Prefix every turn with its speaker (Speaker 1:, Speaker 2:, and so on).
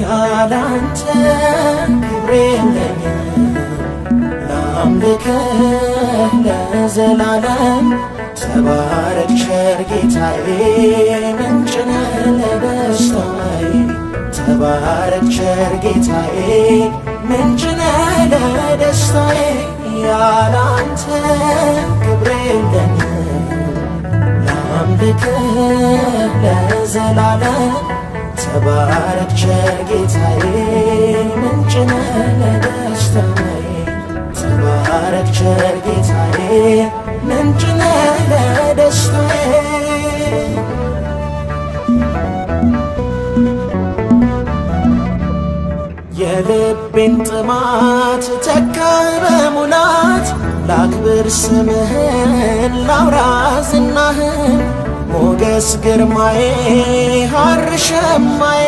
Speaker 1: ያላንተ ክብሬ የለኝም። ላምልክህ ለዘላለም ተባረክ ቸር ጌታዬ፣ ምንጭ ነህ ለደስታዬ። ተባረክ ቸር ጌታዬ፣ ምንጭ ነህ ለደስታዬ። ያላንተ ክብሬ ለዘላለም ተባረክ ቸር ጌታዬ ምንጭ ነህ ለደስታዬ ተባረክ ቸር ጌታዬ ምንጭ ነህ ለደስታዬ
Speaker 2: የልቤን ጥማት ተካ በሙላት ላክብር ስምህን ላውራ ዝናህን ሞገስ ግርማዬ ሀር ሸማዬ